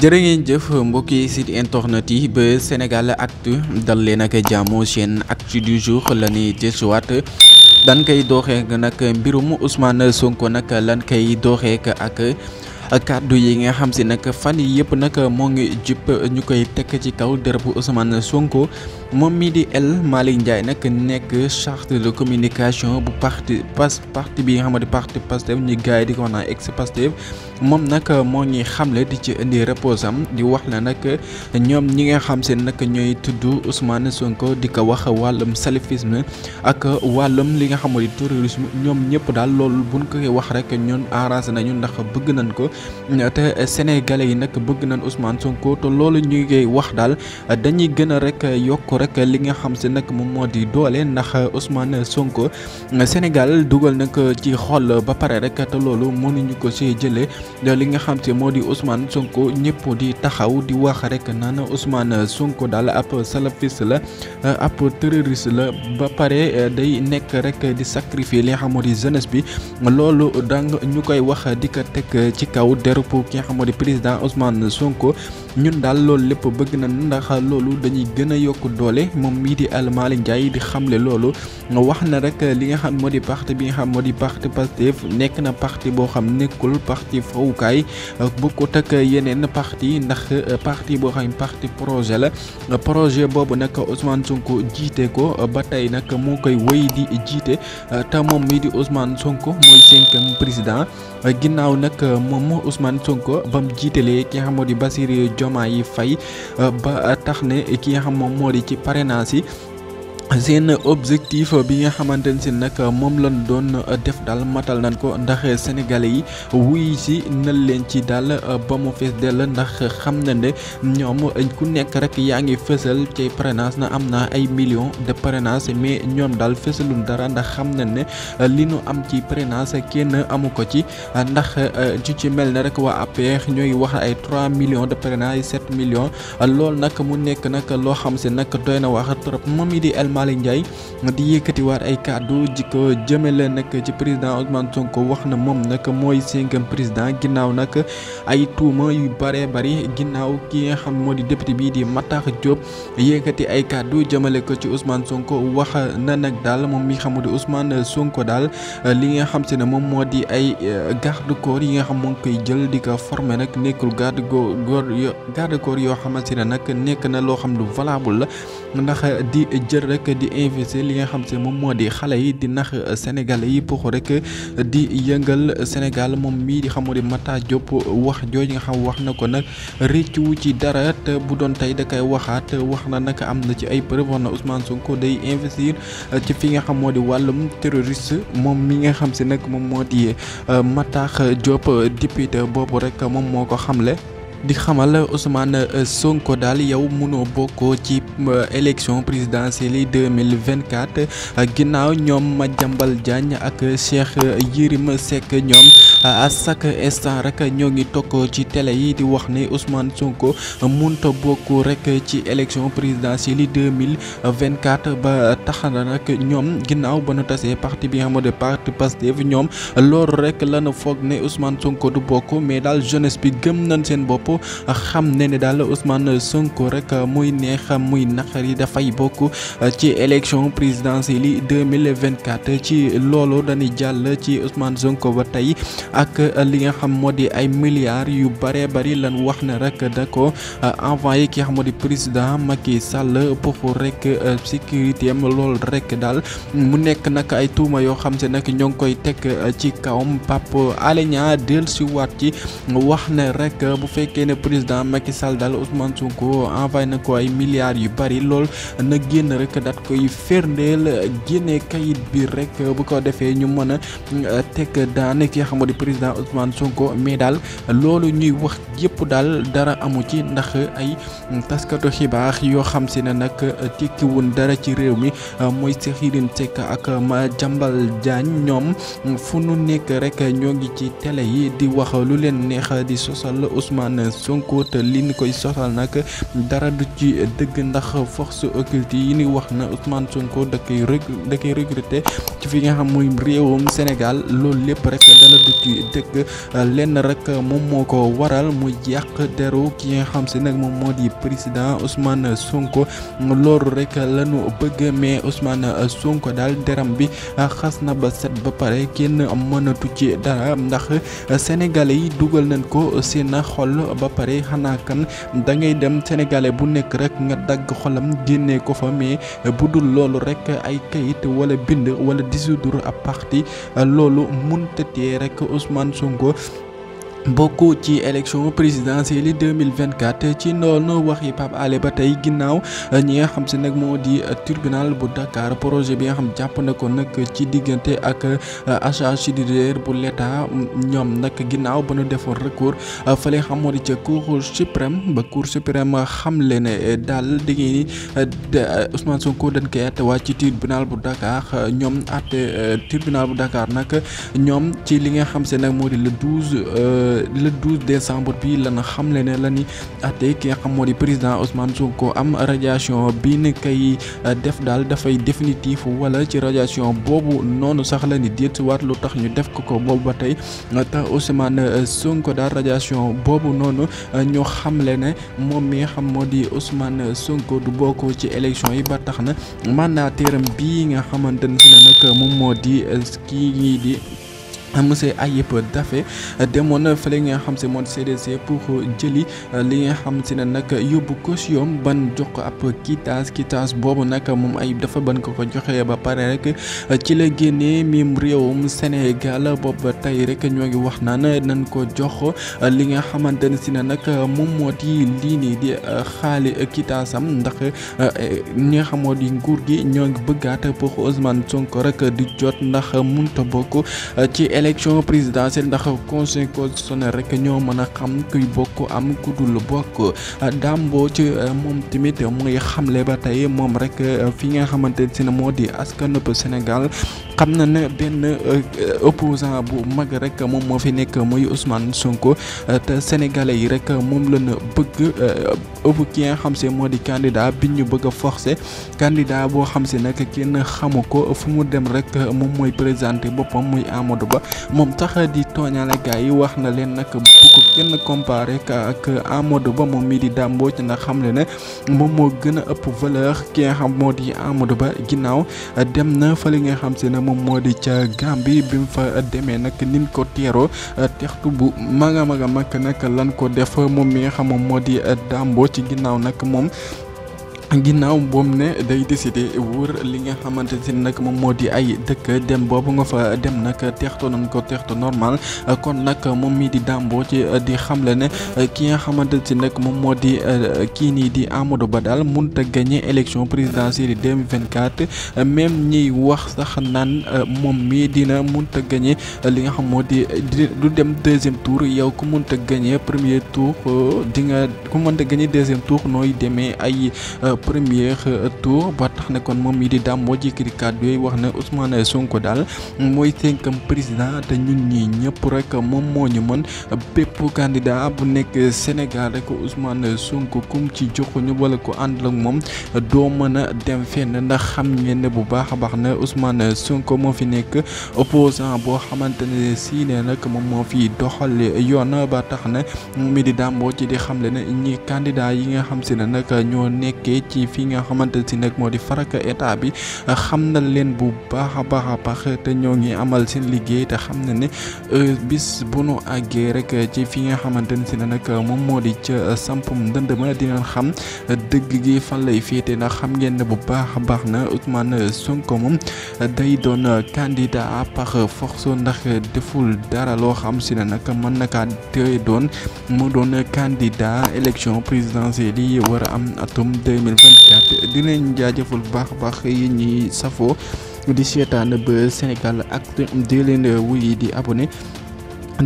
jërë ngeen jëf mbokki site internet yi ba Sénégal actu dal leen ak jàmm seen actu du jour la ñuy jësuwaat dañ koy dooxee nag mbirum Ousmane Sonko nag lan koy dooxee ak kàddu yi nga xam si nag fan yi yëpp nag moo ngi jub ñu koy tekk ci kaw dërëbu Ousmane Sonko moom mii di El Malick Ndiaye nag nekk charte de communication bu parti pas parti bi nga xamante parti Pastef ñu gars yi di ko wax naan ex moom nag moo ñuy xamle di ci indi repos am di wax na nag ñoom ñi nga xam seen nag ñooy tudd Ousmane Sonko di ko wax wàllum salafisme ak wàllum li nga xam ne terrorisme ñoom ñëpp daal loolu buñ koy wax rek ñun arrangé nañu ndax bëgg nañ ko te sénégalais yi nag bëgg nañ Ousmane Sonko te loolu ñu ngi wax daal dañuy gën a rek yokk rek li nga xam si nag moom moo di doole ndax Ousmane Sonko Sénégal dugal nag ci xol ba pare rek te loolu mënuñu ko si jëlee. li nga xam te moo di Ousmane Sonko ñëpp di taxaw di wax rek naan Ousmane Sonko daal ab salafiste la ab terroriste la ba pare eh, day nekk rek di sacrifier li nga xam moo di jeunesse bi loolu dang ñu koy wax di ko teg ci kaw derub ki nga xam moo di président Ousmane Sonko. ñun daal loolu lépp bëgg na ndax loolu dañuy gën a yokk doole moom mii di El Malick Ndiaye di xamle loolu wax na rek li nga xam moo di parti bi nga xam moo di parti Pastef nekk na parti boo xam nekkul parti fawukaay bokkut ak yeneen parti ndax parti boo xam parti projet la projet boobu nag Ousmane Sonko jiite ko ba tey nag moo koy woy di jiite te moom mii di Ousmane Sonko mooy cinquième président ginnaaw nag euh, moom Ousmane Sonko ba mu jiitalee ki di xam moo di Bassirou Diomaye euh, ba tax ne ki nga xam moom moo di ci parrainage yi seen objectif bi nga xamante ne si nag moom lan doon def daal matal nañ ko ndax sénégalais yi wuy si na leen ci daal ba mu fees dell ndax xam na ne ñoom ku nekk rek yaa ngi fësal ci parrainage na am na ay millions de parrainage mais ñoom daal fësalul dara ndax xam na ne li nu am ci parrainage kenn amu ko ci ndax ju ci mel ne rek waa APR ñooy wax ay 3 millions de parrainage 7 million loolu nag mu nekk nag loo xam si nag doy na wax trop moom it di elma Malick Ndiaye di yëkkatiwaat ay kàddu ji ko jëmale nag ci président Ousmane Sonko wax na moom nag mooy cinquième président ginnaaw nag ay tuuma yu bare bari ginnaaw ki nga xam moo di député bii di Matar Diop yëkkati ay kàddu jëmale ko ci Ousmane Sonko wax na nag daal moom mi xamu di Ousmane Sonko daal li nga xam si ne moom moo di ay euh, garde corps yi nga xam moo ngi koy jël di ko former nag nekkul garde góor garde corps yoo si ne nag nekk na loo xam lu valable la di investir li nga xam te moom moo di xale yi di nax sénégalais yi pour rek di yëngal Sénégal moom mii di xamu di Mata jopp wax jooju nga xam wax na ko nag rëccu ci dara te bu doon tey da koy waxaat wax na nag am na ci ay preuve wax day investir ci fi nga xam moo di wàllum terroriste moom mi nga xam si nag moom moo di Mata Diop député boobu rek moom moo ko xamle. di xamal Ousmane euh, Sonko daal yow mënoo bokkoo ci euh, élection présidentielle yi 2024 euh, ginnaaw ñoom Madiambal Diagne ak Cheikh Yérim Seck ñoom à chaque instant rek ñoo ngi tokko ci télé yi di wax ni Ousmane Sonko mënta bokk rek ci élection présidentielle yi 2024 ba tax na nag ñoom ginnaaw ba nu tasee parti bi nga xam ne parti Pastef ñoom loolu rek la foog ne Ousmane Sonko du bokk mais daal jeunesse bi gëm nañ seen bopp. jàpp xam ne ne daal Ousmane Sonko rek muy neex muy naqari dafay bokk ci élection présidentielle yi 2024 ci loolu dañuy jàll ci Ousmane Sonko ba tey ak li nga xam moo di ay milliards yu bare bari lan wax ne rek da ko envoyé ki xam moo di président Macky Sall pour rek euh, sécurité am loolu rek daal mu nekk nag ay tuuma yoo xam se nag ñoo ngi koy teg ci kawam Pape Alé Niang dellusiwaat ci wax ne rek bu fekkee. fekkee ne président Macky Sall daal Ousmane Sonko envoyé na ko ay milliards yu bari lool na génn rek daat koy ferndeel génne kayit biir rek bu ko defee ñu mën a euh, teg daan ki nga xam di président Ousmane Sonko mais daal loolu ñuy wax yëpp daal dara amu ci ndax ay taskatu xibaar yoo xam si ne nag tekkiwun dara ci réew mi euh, mooy Serigne Seck ak ma Madiambal Diagne ñoom fu nu nekk rek ñoo ngi ci télé yi di wax lu leen neex di sosal Ousmane Sonko te li ni koy soxal nag dara du ci dëgg ndax force occulte yi ni wax na Ousmane Sonko da koy reg da koy ci fi nga xam mooy réewam Sénégal loolu lépp rek. ci dëgg lenn rek moom moo ko waral mu yàq deru ki nga xam si nag moom moo di président Ousmane Sonko loolu rek la ñu bëgg mais Ousmane Sonko daal deram bi xas na ba set ba pare kenn mënatu ci dara ndax sénégalais yi dugal nañ ko seen xol ba pare xanaa kan da ngay dem sénégalais bu nekk rek nga dagg xolam génnee ko fa mais bu dul loolu rek ay kayit wala bind wala dissoudre ab loolu mëntatee rek Ousmane Sonko bokk ci élection présidentielle yi 2024 ci noonu waxi Pape Alé ba tey ginnaaw ñi nga xam si nag moo di tribunal bu Dakar projet bi nga xam jàpp na ko nag ci diggante ak achat subsidiaire bu l'État ñoom nak ginnaaw ba nu defoon recours fële xam moo di ca cour suprême ba cour suprême xam le ne daal da ngeen ni Ousmane Sonko dañ koy àtte waa ci tribunal bu Dakar ñoom at tribunal bu Dakar nag ñoom ci li nga xam si nag moo di le 12. le 12 décembre bi lana xamle ne la ni ate ki nga xam moo di président Ousmane Sonko am radiation bi ni kay euh, def daal dafay définitif wala ci radiation boobu noonu sax la ni déet waat lu tax ñu def ko ko boobu ba tey euh, tax Ousmane euh, Sonko daal radiation boobu noonu ñu xamle ne moom mi nga xam moo di Ousmane Sonko du bokk ci élection yi ba tax na mandataire bi nga xamante ne nag moom moo di kii ñii di monsieur Ayib Daffé demoon na fële nga xam si moom CDC pour jëli euh, li nga xam si ne nag yóbbu caution ban jox ko ab quittance quittance boobu nag moom Ayib dafa ban ko ko joxee ba pare rek euh, ci la génnee mim réewum Sénégal boobu tey rek ñoo ngi wax naan nañ ko jox euh, li nga xamante ne si ne nag moom moo di lii nii di xaali quittance ndax eh, ñi nga xamoo di nguur gi ñoo ngi bëggaat pour Ousmane Sonko rek di jot ndax munta a bokk ci. élection présidentielle ndax conseil constitutionnel rek ñoo mën a xam kuy bokk am ku dul bokk dàmboo ci moom tamit muy xamle ba tey moom rek fi nga xamante ne moo di askan bu Sénégal. xam na ne benn euh, opposant bu mag rek moom moo fi nekk muy Ousmane Sonko euh, te sénégalais yi rek moom la bëgg euh, ëpp ki nga xam si moo di candidat bi ñu bëgg a forcer boo xam si nag kenn xamu ko fu mu dem rek moom mooy présenté boppam muy Amadou Ba moom tax di tooñaale gars yi wax na leen nag bu kenn comparé ak Amadou Ba moom mii di Dame ci na xam ne moom moo gën a ëpp valeur ki xam moo di Amadou Ba ginnaaw dem na fa li nga xam si ne moom moo di ca Gambie bi mu fa demee nag nin ko teeroo textu bu mag a mag a nag lan ko def moom mi nga xam moom moo di damboo ci ginnaaw nag moom. ginnaaw mboom ne day décidé wër li nga xamante si nag moom moo di ay dëkk dem boobu nga fa dem nag teextu nañ ko teextu normal kon nag moom mii di dàmboo ci di xamle ne ki nga xamante si nag moom moo di kii nii di Amadou Ba daal mënut a gagné élection présidentielle 2024 même ñiy wax sax naan moom mii dina mënut a gagné li nga xam moo di du dem deuxième tour yow ku mënut a gagné premier tour di nga ku mënut a deuxième tour nooy demee ay. premier euh, tour ba tax ne kon moom mii di dàmboo moo jékkiri yooyu wax na Ousmane Sonko daal mooy cinquième président te ñun ñii ñëpp rek moom moo ñu mën bépp kandidaa bu nekk Sénégal rek Ousmane sunk kum ci joxuñu wala ko àndal ak moom doo mën a dem fenn ndax xam ngeen bu baax a baax ne Ousmane sunk moo fi nekk opposant boo xamante ne sii nag moom moo fi doxal yoon ba tax ne mi di daam moo ci di xamle ne ñi candidat yi nga xam si ne nag ñoo nekkee ci fi nga xamante si nag moo di faraka état bi xam na leen bu baax a baax a pax te ñoo ngi amal seen liggéey te xam na ne euh, bis bu nu àggee rek ci fi nga xamante si ne nag moom moo di ca sampum ndënd ma dinañ xam dëgg gi fan lay féete ndax xam ngeen bu baax a baax na Ousmane Sonko moom day doon candidat par force ndax deful dara loo xam si ne nag mën na kaa doon mu doon candidat élection présidentielle yi war am atum 2000 dina di jaajëfal bu baax a baax yéen ñi safoo di seetaan ba Sénégal Actu di leen wuy di abonné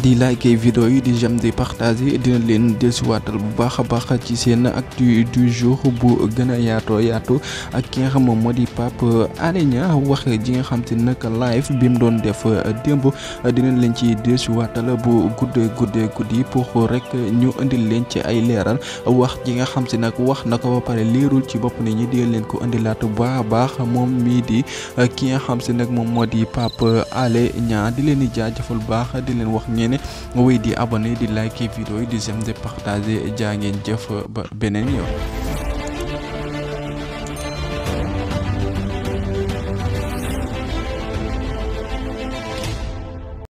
di liker vidéo yi di j'aime di partager dina leen dellusiwaatal bu baax a baax ci seen actu du jours bu gën a yaatoo yaatu ak ki nga xam moom moo di Pape Alé Niang wax ji nga xam te nag live bi mu doon def euh, démb euh, dinañ leen ci dellusiwaatal bu guddee guddee guddi pour rek ñu indil leen ci ay leeral wax ji nga xam te nag wax na ko ba pare leerul ci bopp nit ñi di leen ko indilaat bu baax a baax moom di euh, ki nga moo di Pape leen di jaajëfal ngeen wéy di abonné di liker vidéo yi di sem de partager jaa ngeen ba beneen yoon